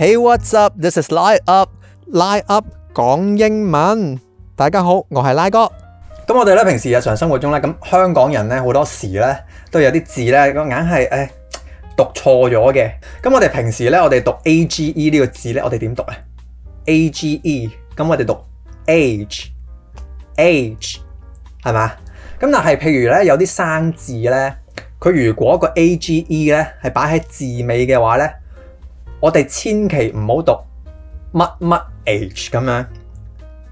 Hey, what's up? This is Lai UP. Lai UP 講英文。大家好，我係拉哥。咁我哋咧平時日常生活中咧，咁香港人咧好多時咧都有啲字咧，個硬係誒讀錯咗嘅。咁我哋平時咧，我哋讀 A G E 呢個字咧，我哋點讀咧？A G E，咁我哋讀 age，age 係嘛？咁但係譬如咧有啲生字咧，佢如果個 A G E 咧係擺喺字尾嘅話咧。我哋千祈唔好讀乜乜 age 咁樣。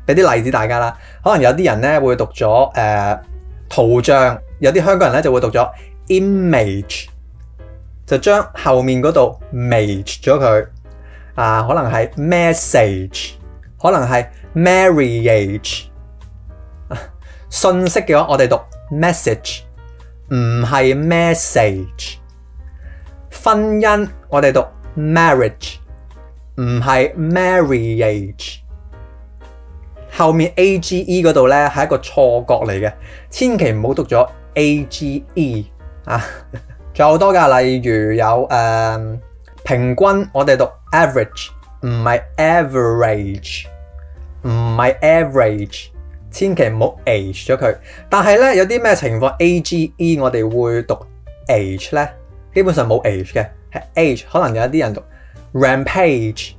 俾啲例子大家啦，可能有啲人咧會讀咗誒圖像，有啲香港人咧就會讀咗 image，就將後面嗰度 mage 咗佢。啊，可能係 message，可能係 marriage。信息嘅話，我哋讀 message，唔係 message。婚姻我哋讀，Marriage 唔係 marriage，後面 age 嗰度咧係一個錯覺嚟嘅，千祈唔好讀咗 age 啊！仲有好多噶，例如有誒、呃、平均，我哋讀 average，唔係 average，唔係 average，千祈唔好 age 咗佢。但係咧有啲咩情況 age 我哋會讀 age 咧，基本上冇 age 嘅。age 可能有一啲人讀 rampage，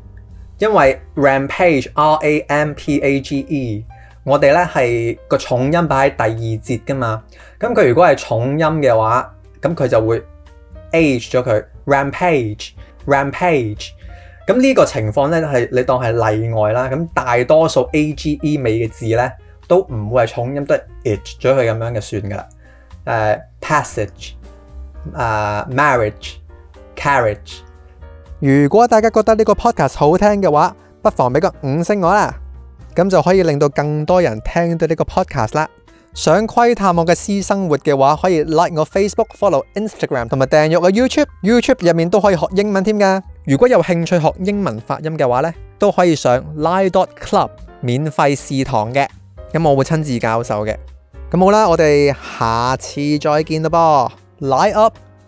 因為 rampage，r a m p a g e，我哋咧係個重音擺喺第二節噶嘛，咁佢如果係重音嘅話，咁佢就會 age 咗佢 rampage，rampage，咁呢個情況咧係你當係例外啦，咁大多數 a g e 尾嘅字咧都唔會係重音都 age 咗佢咁樣嘅算噶啦，誒 passage，誒 marriage。如果大家覺得呢個 podcast 好聽嘅話，不妨俾個五星我啦，咁就可以令到更多人聽到呢個 podcast 啦。想窺探我嘅私生活嘅話，可以 like 我 Facebook、follow Instagram 同埋訂閱我 YouTube。YouTube 入面都可以學英文添噶。如果有興趣學英文發音嘅話呢，都可以上 Lai Dot Club 免費試堂嘅，咁我會親自教授嘅。咁好啦，我哋下次再見啦噃，Lai UP！